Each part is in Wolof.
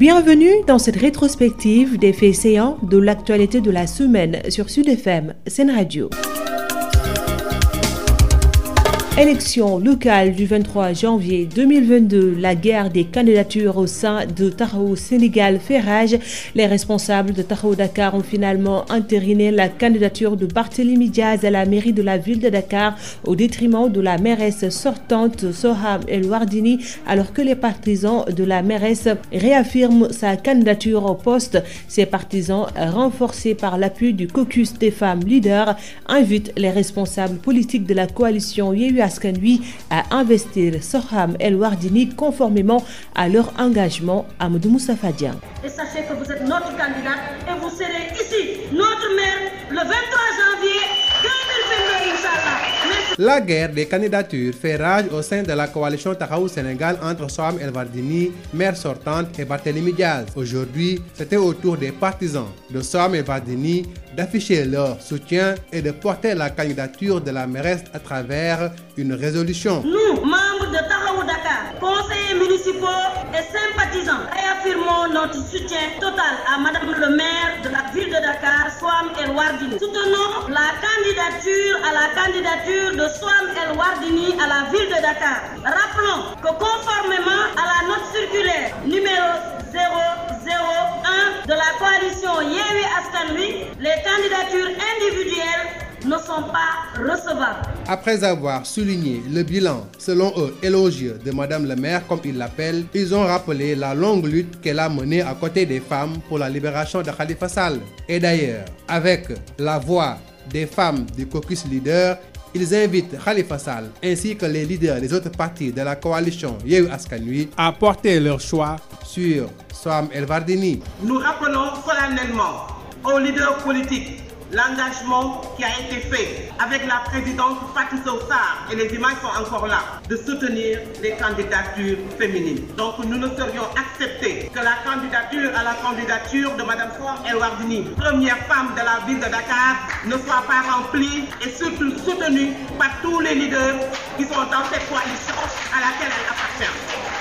Bienvenue dans cette rétrospective des faits séants de l'actualité de la semaine sur Sud FM, Scène Radio. Élection locale du 23 janvier 2022, la guerre des candidatures au sein de Tarot Sénégal fait rage. Les responsables de Tarot Dakar ont finalement entériné la candidature de Barthélémy Diaz à la mairie de la ville de Dakar au détriment de la mairesse sortante Soham El Wardini, alors que les partisans de la mairesse réaffirment sa candidature au poste. Ces partisans, renforcés par l'appui du caucus des femmes leaders, invitent les responsables politiques de la coalition Yewwi Askan Wi à investir Soham El Wardini conformément à leur engagement Amadou Moustapha Dieng. La guerre des candidatures fait rage au sein de la coalition Taxawu Sénégal entre Soham El Wardini, maire sortante, et Barthélémy Diaz. Aujourd'hui, c'était au des partisans de Soham El Wardini d'afficher leur soutien et de porter la candidature de la mairesse à travers une résolution. Dakar, conseillers municipaux et sympathisants, réaffirmons notre soutien total à Madame le maire de la ville de Dakar, Soham El Wardini. Soutenons la candidature à la candidature de Soham El Wardini à la ville de Dakar. Rappelons que conformément à la note circulaire numéro de la coalition Yewwi Askan les candidatures individuelles ne sont Après avoir souligné le bilan, selon eux, élogieux de Madame le maire, comme ils l'appellent, ils ont rappelé la longue lutte qu'elle a menée à côté des femmes pour la libération de Khalifa Sall. Et d'ailleurs, avec la voix des femmes du caucus leader, ils invitent Khalifa Sall ainsi que les leaders des autres partis de la coalition Yehu Askanui à porter leur choix sur Soham El Wardini. Nous rappelons solennellement aux leaders politiques l'engagement qui a été fait avec la présidente Fatou Sow Sarr, et les images sont encore là, de soutenir les candidatures féminines. Donc nous ne serions acceptés que la candidature à la candidature de Madame Soham El de la ville de Dakar, ne soit pas remplie et surtout soutenue par tous les leaders qui sont dans cette coalition à laquelle elle appartient.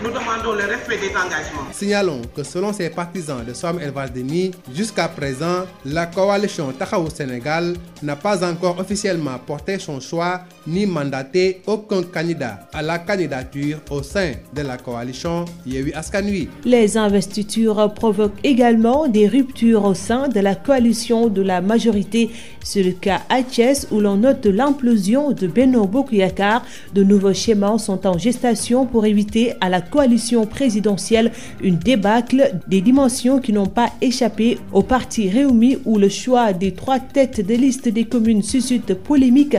ils Signalons que selon ses partisans de Soham El Wardini, jusqu'à présent, la coalition Taxawu Sénégal n'a pas encore officiellement porté son choix ni mandaté aucun candidat à la candidature au sein de la coalition Yewi Askanui. Les investitures provoquent également des ruptures au sein de la coalition de la majorité. C'est le cas à Thiès où l'on note l'implosion de Beno Bokuyakar. De nouveaux schémas sont en gestation pour éviter à la coalition présidentielle une débâcle des dimensions qui n'ont pas échappé au parti Réumi où le choix des trois têtes de liste des communes suscite polémique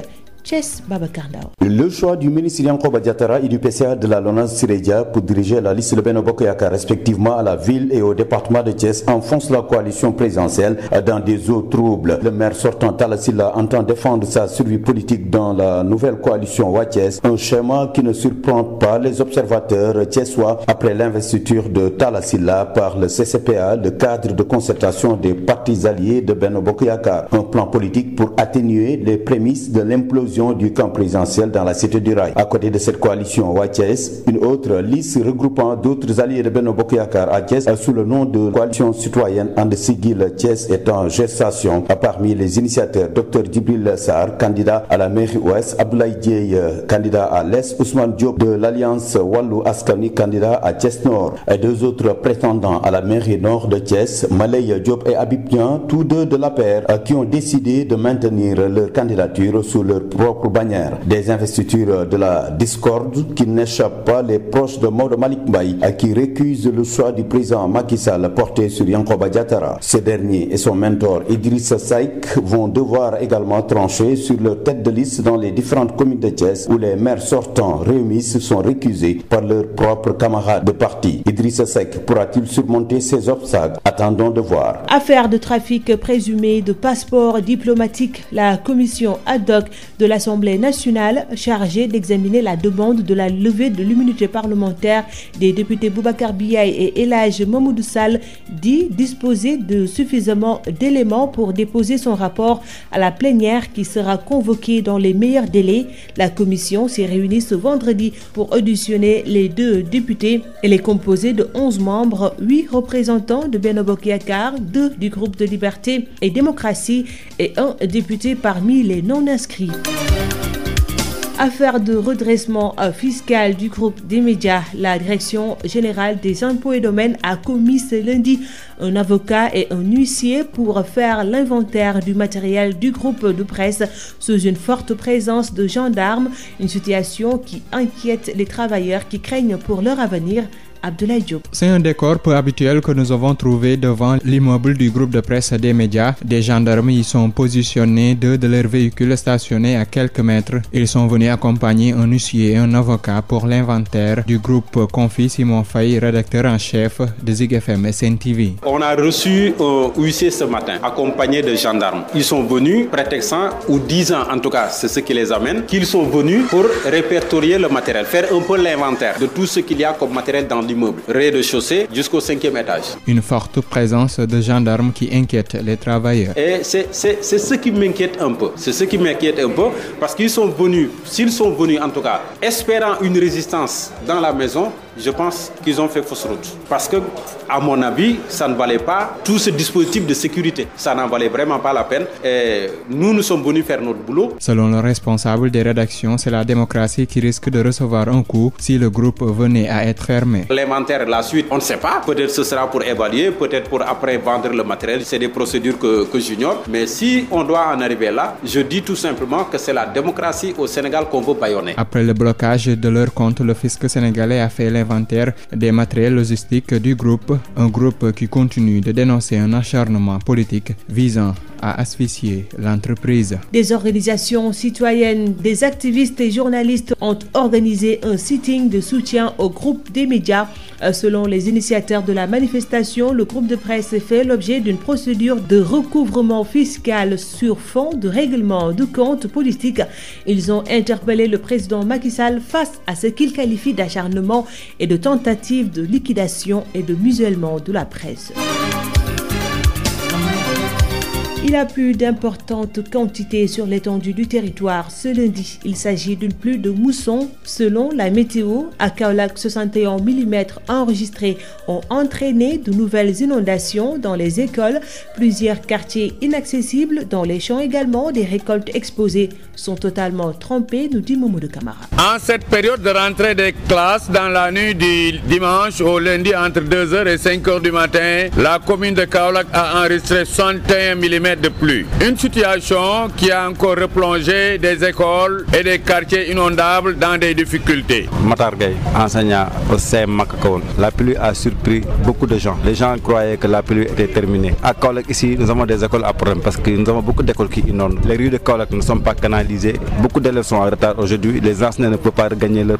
Thiès Babacar Ndao. Le choix du ministre Yankoba Diatara et du PCA de la LONASE Sirédia pour diriger la liste de Benno Bokk Yakaar respectivement à la ville et au département de Thiès enfonce la coalition présidentielle dans des eaux troubles. Le maire sortant Talla entend défendre sa survie politique dans la nouvelle coalition Waa un schéma qui ne surprend pas les observateurs thiessois après l'investiture de Talla par le CCPA, le cadre de concertation des partis alliés l'occasion du camp présidentiel dans la cité du Rail. À côté de cette coalition YTS, une autre liste regroupant d'autres alliés de Benno Bokuyakar à Thiès euh, sous le nom de coalition citoyenne And Sigil Thiès est en gestation. Euh, parmi les initiateurs, Dr Djibril Sarr, candidat à la mairie ouest, Abdoulaye euh, à l'est, Ousmane Diop de l'alliance Wallu Askani, candidat à Thiès Nord, et deux autres prétendants à la mairie nord de Thiès, Malay Diop et Abib Niang, tous deux de la paire, qui ont décidé de maintenir propre bannière. Des investitures de la discorde qui n'échappent pas les proches de Maud à qui récusent le choix du président Macky porté sur Yankoba Diattara. Ce dernier et son mentor Idrissa Seck vont devoir également trancher sur leur tête de liste dans les différentes communes de Thiès où les maires sortants réunis sont récusés par leurs propres camarades de parti. Idrissa Seck pourra-t-il surmonter ces obstacles? Attendons de voir. Affaire de trafic présumé l'Assemblée nationale chargée d'examiner la demande de la levée de l'immunité parlementaire des députés Boubacar Biaï et Elage Mamoudou Sall dit disposer de suffisamment d'éléments pour déposer son rapport à la plénière qui sera convoquée dans les meilleurs délais. La commission s'est réunie ce vendredi pour auditionner les deux députés. Elle est composée de 11 membres, huit représentants de Benobok Yakar, 2 du groupe de liberté et démocratie et un député parmi les non-inscrits. Affaire de redressement euh, fiscal du groupe des médias, la direction générale des impôts et domaines a commis ce lundi un avocat et un huissier pour faire l'inventaire du matériel du groupe de presse sous une forte présence de gendarmes, une situation qui inquiète les travailleurs qui craignent pour leur avenir. Abdoulaye Diop. C'est un décor peu habituel que nous avons trouvé devant l'immeuble du groupe de presse des médias. Des gendarmes y sont positionnés, deux de leurs véhicules stationnés à quelques mètres. Ils sont venus accompagner un huissier et un avocat pour l'inventaire du groupe Confie Simon Faye, rédacteur en chef de Zig FM et On a reçu un huissier ce matin, accompagné de gendarmes. Ils sont venus, prétextant, ou disant en tout cas, c'est ce qui les amène, qu'ils sont l'immeuble, rez-de-chaussée jusqu'au cinquième étage. Une forte présence de gendarmes qui inquiète les travailleurs. Et c'est ce qui m'inquiète un peu. parce qu'ils sont venus, s'ils sont venus en tout cas, espérant une résistance dans la maison, je pense qu'ils ont fait fausse route. Parce que, à mon avis, ça ne valait pas tout ce dispositif de sécurité. Ça n'en valait vraiment pas la peine. Et nous, nous sommes venus faire notre boulot. Selon le responsable des la démocratie de recevoir un complémentaire la suite on ne sait pas peut-être ce sera pour évaluer peut-être pour après vendre le matériel c'est des procédures que que mais si on doit en arriver là je dis tout simplement que c'est la démocratie au Sénégal qu'on veut bâillonner. Après le blocage de leur compte le fisc sénégalais a fait l'inventaire des matériels logistiques du groupe un groupe qui continue de dénoncer un acharnement politique visant à asphyxier l'entreprise. Des organisations citoyennes, des activistes et journalistes ont organisé un sitting de soutien au groupe des médias. Euh, selon les initiateurs de la manifestation, le groupe de presse fait l'objet d'une procédure de recouvrement fiscal sur fond de règlement de comptes politiques. Ils ont interpellé le président Macky Sall face à ce qu'il qualifie d'acharnement et de tentative de liquidation et de musellement de la presse. Il a plu d'importantes quantités sur l'étendue du territoire ce lundi. Il s'agit d'une pluie de mousson selon la météo. À Kaolack, 61 mm enregistrés ont entraîné de nouvelles inondations dans les écoles, plusieurs quartiers inaccessibles dans les champs également. Des récoltes exposées sont totalement trempées, nous dit Mamadou Camara. En cette période de rentrée des classes dans la nuit du dimanche au lundi entre 2 et 5 du matin, la commune kilomètres de pluie. Une situation qui a encore replongé des écoles et des quartiers inondables dans des difficultés. Matar enseignant au CM Makakoun, la pluie a surpris beaucoup de gens. Les gens croyaient que la pluie était terminée. À Kaolak, ici, nous avons des écoles à problème parce que nous avons beaucoup d'écoles qui inondent. Les rues de Kaolak ne sont pas canalisées. Beaucoup d'élèves sont en retard aujourd'hui. Les enseignants ne peuvent pas regagner leur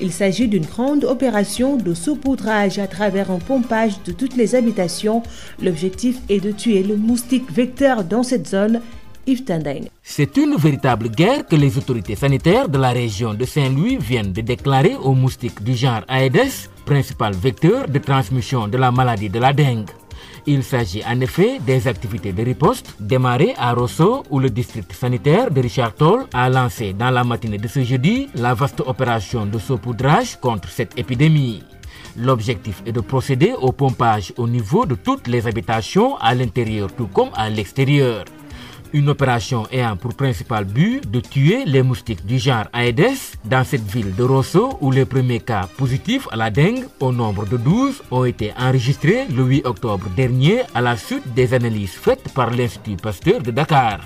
Il s'agit d'une grande opération de saupoudrage à travers un pompage de toutes les habitations. L'objectif est de tuer le moustique vecteur dans cette zone. C'est une véritable guerre que les autorités sanitaires de la région de Saint-Louis viennent de déclarer aux moustiques du genre Aedes, principal vecteur de transmission de la maladie de la dengue. Il s'agit en effet des activités de riposte démarrées à Rosso où le district sanitaire de Richard Toll a lancé dans la matinée de ce jeudi la vaste opération de saupoudrage contre cette épidémie. L'objectif est de procéder au pompage au niveau de toutes les habitations à l'intérieur tout comme à l'extérieur. Une opération ayant pour principal but de tuer les moustiques du genre Aedes dans cette ville de Rosso où les premiers cas positifs à la dengue au nombre de 12 ont été enregistrés le 8 octobre dernier à la suite des analyses faites par l'Institut Pasteur de Dakar.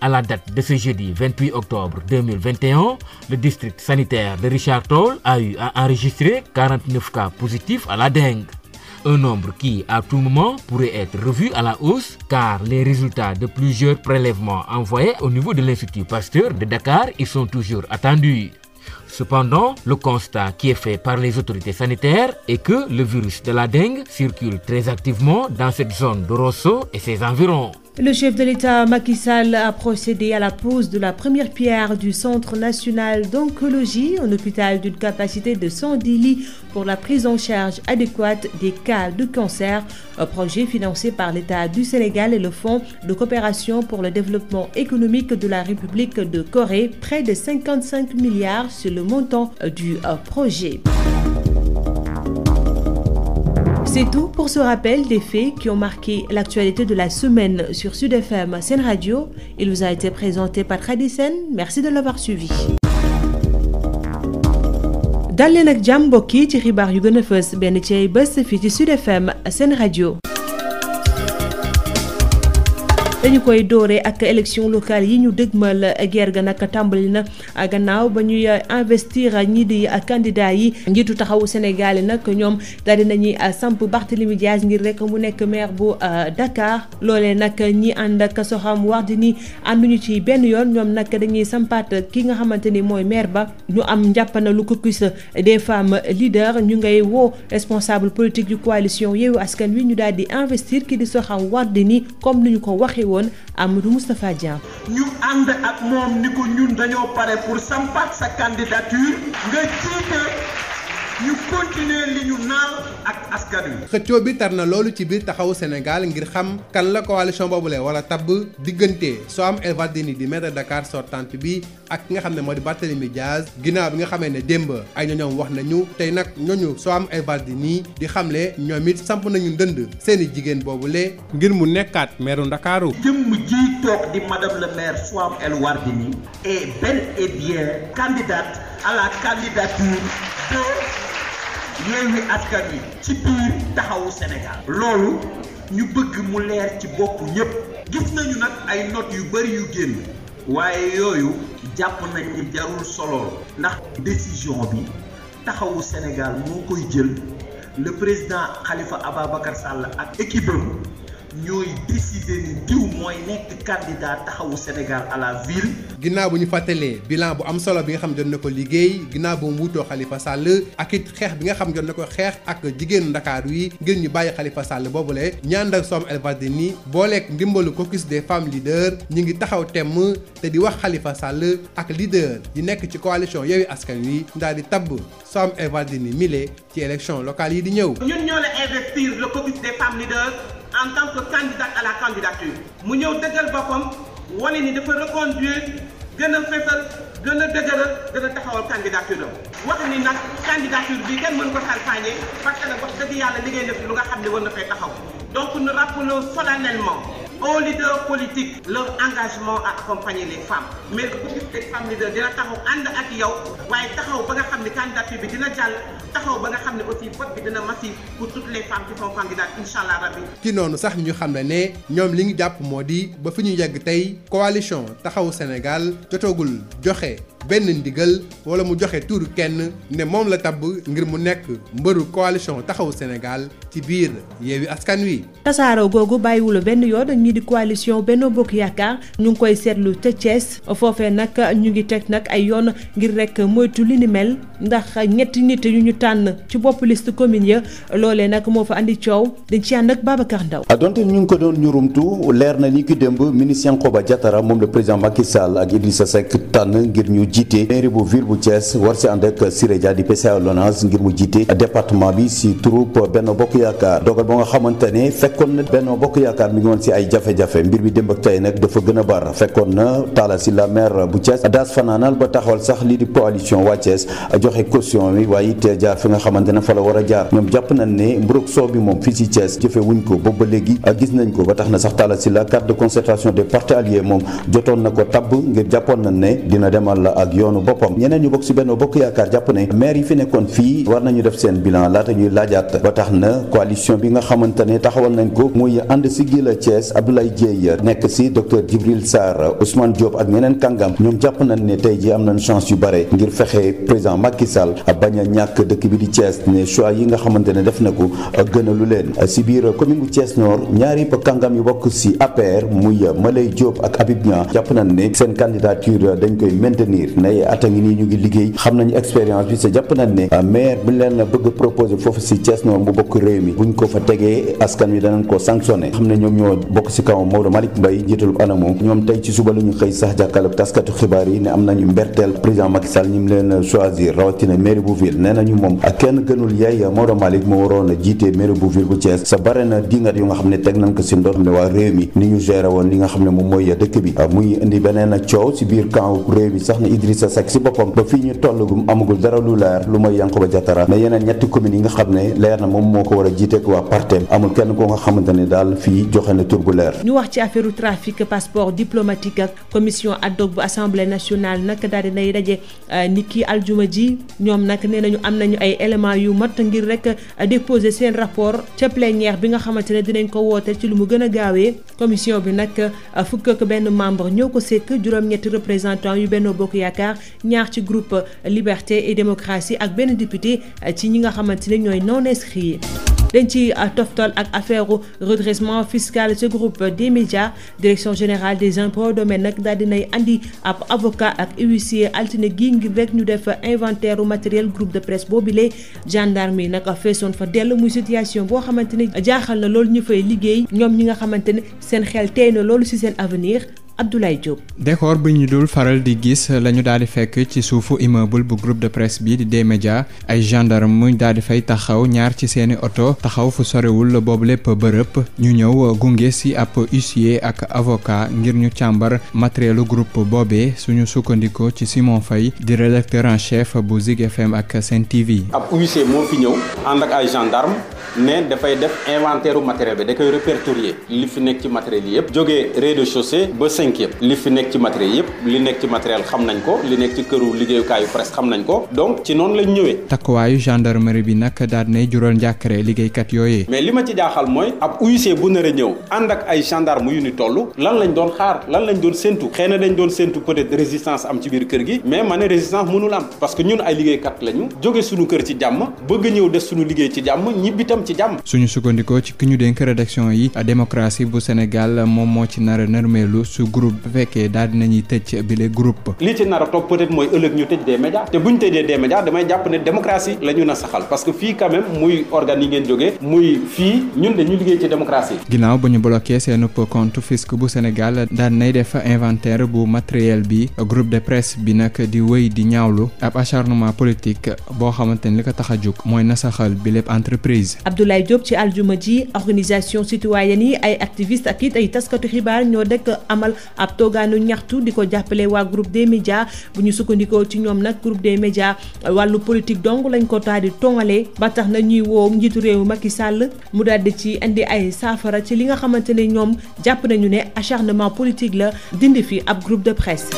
À la date de ce jeudi octobre 2021, le district sanitaire de Richard Toll a eu à enregistrer 49 cas positifs à la dengue. un nombre qui à tout moment pourrait être revu à la hausse car les résultats de plusieurs prélèvements envoyés au niveau de l'Institut Pasteur de Dakar y sont toujours attendus. Cependant, le constat qui est fait par les autorités sanitaires est que le virus de la dengue circule très activement dans cette zone de Rosso et ses environs. Le chef de a procédé à la pose de la première pierre du Centre national d'oncologie, un hôpital d'une capacité de 110 lits pour la prise en charge adéquate des cas de cancer, projet financé par l'État du Sénégal le Fonds coopération pour le développement économique de la République de Corée, près de 55 milliards le montant du euh, projet. C'est tout pour ce rappel des faits qui ont marqué l'actualité de la semaine sur Sud FM Scène Radio. Il vous a été présenté par Tradisen. Merci de l'avoir suivi. dal leen ak jàmm mbokk yi ci xibaar yu gën a fës benn ci ay bés fii ci Sud FM Sen Radio dañu koy dooree ak élection locale yi ñu dëgmal guerre ga nag tàmbali na gannaaw ba ñu ñuy investir ñii di candidat yi njiitu taxawu Sénégal yi nag ñoom di nañuy samp Barthélémy Diaz ngir rek mu nekk maire bu euh, Dakar loolee nag ñi ànd ak Soham Wardini ànduñu ci benn yoon ñoom nag dañuy sampaat ki nga xamante ni mooy maire ba ñu am njàppana lu caucus des femmes leaders ñu ngay woo responsable politique yu coalition Yewwi Askan Wi ñu daal di investir ki di Soham Wardini comme ni ñu ko waxee woon Amadou Moustapha Dieng. ñu ànd ak moom ni ko ñun dañoo pare pour sampat sa candidature nga jiite. ñu continuer li ñu naan ak askan xëccoo bi tar na loolu ci biir taxawu Sénégal ngir xam kan la ko coalition boobule wala tabb diggante Soham El Wardini di maire de Dakar bi ak ki nga xam ne moo di Barthélémy Diaz ginnaaw bi nga xamee ne démb ay ñoñoom wax nañu tey nag ñooñu Soham El Wardini di xamle ñoom it samp nañu ndënd seeni jigéen boobule ngir mu nekkaat maireu Ndakaaru. jëmm ji toog di madame le maire Soham El Wardini est bel et bien candidate Yewwi Askan Wi ci biir taxawu Sénégal loolu ñu bëgg mu leer ci bopp ñépp gis nañu nag ay notes yu bari yu génn waaye yooyu jàpp nañ ni jarul solool ndax décision bi taxawu Sénégal moo koy jël le président Khalifa Ababacar Sall ak équipe am ñooy décider ni diw mooy nekk candidat taxawu Sénégal à la ville. ginnaaw bu ñu fàttalee bilan bu am solo bi nga xam jot na ko liggéey ginnaaw bu mu wutoo Khalifa Sall ak it xeex bi nga xam jot na ko xeex ak jigéenu ndakaar wi ngir ñu bàyyi Khalifa Sall boobule ñaan ak Soham El Wardini booleeg ndimbalu caucus des femmes leaders ñu ngi taxaw temm te di wax xalifa Sall ak leader di nekk ci coalition Yewwi Askan Wi daal di tabb Soham El Wardini mile ci élection locale yi di ñëw. en tant que candidat à la candidature mu ñëw dëggal boppam wane ni dafa reconduire gën a fesal gën a dëgëral gën a taxawal candidature am wax ni nag candidature bi kenn mënu ko salfaañee parce que nag wax dëgg yàlla liggéey na fi lu nga xam ne war na fay taxaw donc nous rappelons solennellement aux leaders politiques leur engagement à accompagner les femmes mais bu gis les femmes leaders dina taxaw ànd ak yow waaye taxaw ba nga xam ne candidature bi dina jàll taxaw ba nga xam ne aussi vote bi dina massif pour toutes les femmes qui sont candidates incha allah rabbi ci noonu sax ñu xam ne ne ñoom li ñu jàpp moo di ba fi ñu yegg tey coalition taxawu senegal jotoogul joxe benn ndigal wala mu joxe tuuru kenn ne moom la tabb ngir mu nekk mbëru coalition taxawu Sénégal ci biir yeewi askan wi. tasaaroo googu bàyyiwul benn yoon ñi di coalition benn Bokk Yaakaar ñu ngi koy seetlu ca Thiès foofee nag ñu ngi teg nag ay yoon ngir rek moytu li ni mel ndax ñetti nit yu ñu tànn ci bopp liste commune ya loolee nag moo fa andi coow dañ ci ànd ak Babacar Ndaw. Ah, donte ñu ngi ko doon ñurumtu leer na ni ki démb ministre Yankoba Diatara moom le président Macky ak Idrissa Seck tànn ngir ñu. jiite mairie bu ville war si ànd ak Siré Dia di PCA ngir mu jiite département bi si troupe Benno Bokk Yaakaar dogal ba nga xamante ne fekkoon na Benno Bokk Yaakaar mi ngi woon si ay jafe-jafe mbir bi tey nag dafa gën a fekkoon na Talla Sylla maire bu Thiès daas fanaanal ba taxawal sax li di coalition waa Thiès joxe caution bi waaye it jaar fi nga xamante ne fa la war a jaar ñoom jàpp nañ ne mburug soo bi moom fii si Thiès jëfe wuñ ko boobu ba a gis nañ ko ba tax na sax Talla la carte de concertation des partis alliés moom jotoon na ko tabb ngir jàppoon nañ ne dina demal la ak yoonu boppam ñeneen ñu bokk ci Benno Bokk Yaakaar jàpp nañ maire yi fi nekkoon fii war nañu def seen bilan laata ñuy laajaat ba tax na coalition bi nga xamante ne taxawal nañ ko muy ànd si Gila Thiès Abdoulaye Dieye nekk si docteur Djibril Sarr Ousmane Diop ak ñeneen kàngam ñoom jàpp nañ ne tey ji am nañ chance yu bare ngir fexe président Macky Sall bañ a ñàkk dëkk bi di Thiès ne choix yi nga xamante ne def na ko gënalu leen si biir commune bu cees Nord ñaari kàngam yu bokk si APR muy Malay Diop ak Habib jàpp nañ ne seen candidature dañ koy maintenir ne ay at a ngi nii ñu ngi liggéey xam nañu expérience bi sa jàpp nañ ne ah, maire bu leen bëgg proposé foofu si Thiès Nord mu bokk réew mi buñ ko fa tegee askan wi danañ ko sanctionné xam ne ñoom ñoo bokk si kaw Maodo Malick Mbaye njiital ANAMO ñoom tey ci suba la ñu xëy sax jàkkaarloog taskatu xibaar yi am nañu mberteel président Macky Sall ñi mu leen choisir rawatina maire bu ville nee nañu moom ak ah, kenn gënul yaay Maodo Malick moo waroon a jiite maire bu ville bu Thiès sa bare na dingat yu nga xam ne teg nañ ko si ndox xam waa réew mi ni ñu géré woon li nga xam ne moom mooy dëkk bi ah, muy indi beneen coow si biir camp réew mi sax Idrissa Seck si boppam ba fii ñu tollagum amagul dara lu leer lu mooy Yankuba Diattara mais yeneen ñetti communes nga xam ne leer na moom moo ko war a jiiteek waa partem amul kenn ko nga xamante daal fii joxe na tur leer ñu wax ci affaire trafic passeport diplomatique ak commission ad assemblée nationale nag daal di nay daje euh, aljuma ji ñoom nag nee nañu am nañu ay éléments yu mat ngir rek euh, déposer seen rapport ca plénière bi nga xamante ne dinañ ko woote ci lu mu a gaawee bi nag euh, fukk ak benn membre ñoo ko sekk juróom Yaakaar ñaar ci groupe Liberté et Démocratie ak benn député eh, ci ñi nga xamante ne ñooy non inscrits yi. dañ ci eh, toftal ak affaire redressement fiscal ce groupe des médias direction générale des impôts domaine nag daal dinay andi ab avocat ak huissier altine gi ngir rek ñu def inventaire matériel groupe de presse boobile gendarme yi nag feesoon fa dell muy situation boo xamante ne jaaxal na loolu ñu fay liggéey ñoom ñi nga xamante ne seen xel tey na loolu ci seen avenir Abdoulaye Diop. décor bu ñu dul faral di gis la ñu daal di fekk ci suufu immeuble bu groupe de presse bi di D-Media ay gendarme daal di fay taxaw ñaar ci seeni oto taxaw fu sorewul boob lépp bërëb ñu ñëw gunge si ab huissier ak avoca ngir ñu càmbar matérielu groupe boobee suñu sukkandikoo ci Simon fay di rédacteur en chef bu Zig FM ak Sen TV. ab huissier moo fi ñëw ànd ak ay gendarme ne dafay def inventaire matériel bi da koy répertorier li fi nekk ci matériel yi yëpp jógee rez-de-chaussée ba li fi nekk ci matériel yëpp li nekk ci matériel xam nañ ko li nekk ci këru liggéeyukaayu presse xam nañ ko donc ci noonu lañ ñëwee takkuwaayu gendarmerie bi nag daal nay jural njàkkare liggéeykat yooyu. mais li ma ci jaaxal mooy ab huissier bu nar a ñëw ànd ak ay gendarme yu ni toll lan lañ doon xaar lan lañ doon séntu xëy na dañ doon séntu peut-être am ci biir kër gi mais ma ne résistance mënul que ñun ay liggéeykat lañu jóge suñu kër ci jàmm bëgg ñëw def suñu liggéey ci jàmm ci jàmm suñu sukkandikoo ci ki ñu dénk rédaction yi démocratie bu Sénégal moom moo ci nar a nërmeelu su groupe bu fekkee daal dinañuy tëj bile groupe li ci nar a topp peut mooy ëllëg ñu tëj des médias te buñ tëjee des médias damay jàpp ne démocratie la ñu na saxal parce que fii quand même muy organes yi ngeen jógee muy fii ñun dañu liggéey ci démocratie ginnaaw ba ñu bloqué seen compte fisc bu Sénégal daan nay def inventaire bu matériel bi groupe de presse bi nag di wéy di ñaawlu ab politique boo xamante ni ko tax a jóg mooy nasaxal bi lépp entreprise Abdoulaye Diop ci aljuma ji organisation citoyenne yi ay activiste ak it ay taskatu xibaar ñoo dekk amal ab toogaanu ñaxtu di ko jàppale waa groupe des média bu ñu sukkandikoo ci ñoom nag groupe des média wàllu politique donc lañ ko taal di tongalee ba tax na ñuy woo njiitu réew Macky sàll mu daal di ci indi ay saafara ci li nga xamante ne ñoom jàpp nañu ne acharnement politique la dindi fi ab groupe de presse.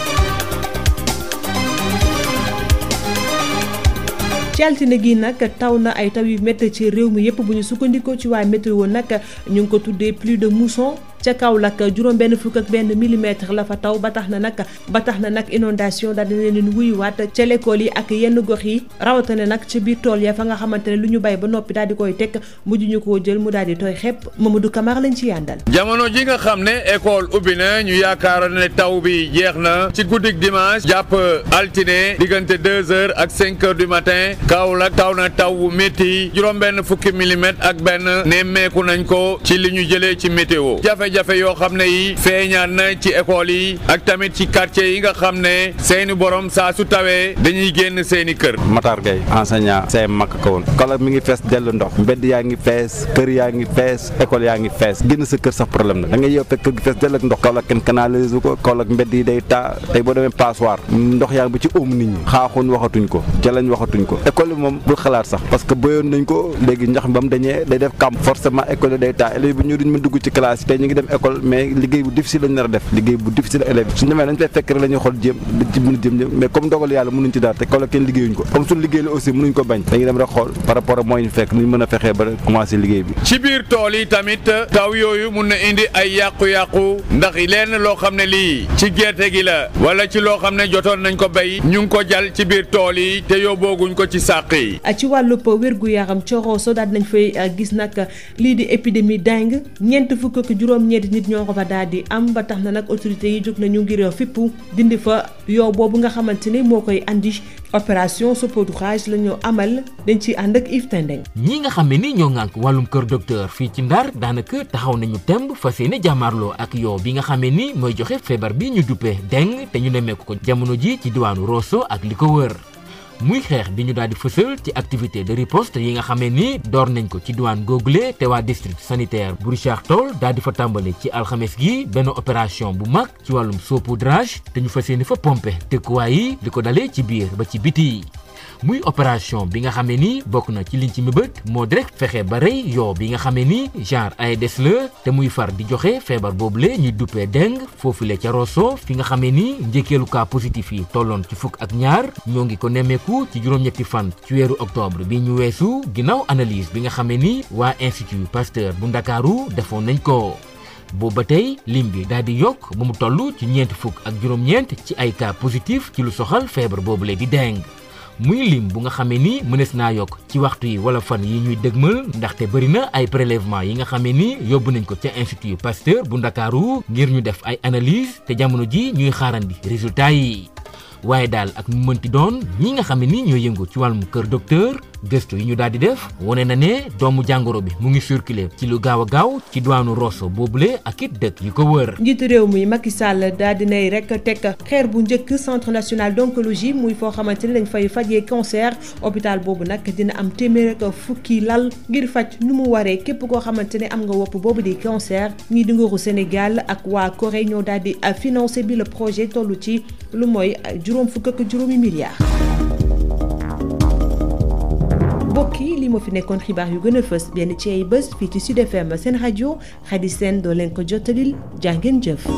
ci altine gi nag taw na ay taw yu métti ci réew mi yëpp bu ñu sukkandikoo ci waa météo nag ñu ngi ko tuddee pluie de mousson ca Kaolack juróom benn fukk ak benn milimètre la fa taw ba tax na nag ba tax na nag inondation daal dina leen wuyuwaat ca l'école yi ak yenn gox yi rawatina nag ci biir tool ya fa nga xamante ne lu ñu bay ba noppi daal di koy teg mujj ñu koo jël mu daal di tooy xepp Mamadou Camara lañ ci yàndal. jamono ji nga xam ne école ubbi na ñu yaakaar ne taw bi jeex na ci guddik dimanche jàpp altine diggante deux heures ak cinq heures du matin Kaolack taw na taw métti juróom benn milimètre ak benn nemmeeku nañ ko ci li ñu jëlee ci météo jafe-jafe yoo xam ne yi feeñaat na ci école yi ak tamit ci quartier yi nga xam ne seeni borom saa su tawee dañuy génn seeni kër Matar Gueye enseignant see makk kawoon kala mi ngi fees dellu ndox mbedd yaa ngi fees kër yaa ngi fees école yaa ngi fees génn sa kër sax problème na da ngay yow fekk kër gi fees dell ak ndox Kaolack kenn canalise ko Kaolack mbedd yi day taa tey boo demee passoir ndox yaa ngi ba ci óom nit ñi xaaxoon waxatuñ ko jalañ waxatuñ ko école bi ko léegi ñax mi ba mu dañee day def camp forcément dem école mais liggéey bu difficile lañ nar a def liggéey bu difficile élève suñ demee dañ fay fekk rek la ñuy xool jéem ci mën a jéem mais comme dogal yàlla mënuñ ci dara te kaw la aussi mënuñ ko a ci biir yi tamit ci gerte gi ah, wér-gu-yaram Coroso daal nañ fay ah, gis nag lii di épidémie dengue ñeent fukk ak juróom ñeenti nit ñoo ko fa daal di am ba tax na nag autorité yi jóg nañu ngir fippu dindi fa yow boobu nga xamante ni moo koy indi opération saupoudrage la ñu amal dañ ciy ànd ak Yves Tendeng. ñii nga xam ne ni ñoo ŋànk wàllum kër docteur fii ci Ndar daanaka taxaw nañu temb fas yéene jàmmaarloo ak yow bi nga xam ni mooy joxe feebar bi ñu duppee deng te ñu nemmeeku ko jamono ji ci diwaanu Rosso ak li ko wër. muy xeex bi ñu daal di fësal ci activité de riposte yi nga xamee ni door nañ ko ci diwaan google te waa district sanitaire bu Richard Toll daal di fa tàmbali ci alxames gi benn opération bu mag ci wàllum saupoudrage te ñu fas yéene fa pompe dëkkuwaay yi di ko dalee ci biir ba ci biti muy opération bi nga xamee ni bokk na ci liñ ci mëbët moo direk fexe ba rey yoo bi nga xamee ni genre ay des la te muy far di joxe feebar boobu boobule ñuy duppee deng foofule ca Rosso fi nga xamee ni njëkkeelu cas positif yi tolloon ci fukk ak ñaar ñoo ngi ko nemmeeku ci juróom-ñetti ci weeru octobre bi ñu weesu ginnaaw analyse bi nga xamee ni waa institut Pasteur bu Ndakaaru defoon nañ ko. booba tey lim bi daal di yokk ba mu toll ci ñeent fukk ak juróom ci ay cas positif lu soxal feebar boobu la di deng. muy lim bu nga xamee ni mënees naa yokk ci waxtu yi wala fan yi ñuy dëgmal ndaxte bëri na ay prélèvement yi nga xamee ni yóbbu nañ ko ca institut Pasteur bu Ndakaaru ngir ñu def ay analyse te jamono ji ñuy xaarandi résultat yi waaye daal ak mu mënti doon ñi nga xam ne ni ñoo yëngu ci wàllum kër docteur gëstu yi ñu daal di def wone na ne doomu jàngoro bi mu ngi circulé ci lu gaaw a gaaw ci diwaanu Rosso boobule ak it dëkk yu ko wër. njiitu réew mi Macky Sall daal di nay rek teg xeer bu njëkk centre national d'oncologie muy foo xamante ni dañ fay fajee cancer hôpital boobu nag dina am téeméer ak fukki lal ngir faj nu mu waree képp koo xamante ne am nga wopp boobu di cancer ñii di nguuru Sénégal ak waa Corée ñoo daal di financé bi le projet tollu ci lu mooy juróom fukk mbokk yi li moo fi nekkoon xibaar yu gën a fës benn ci ay bés fii ci Sud FM seen rajo Khady Sène doo leen ko jottalil jàngeen jëf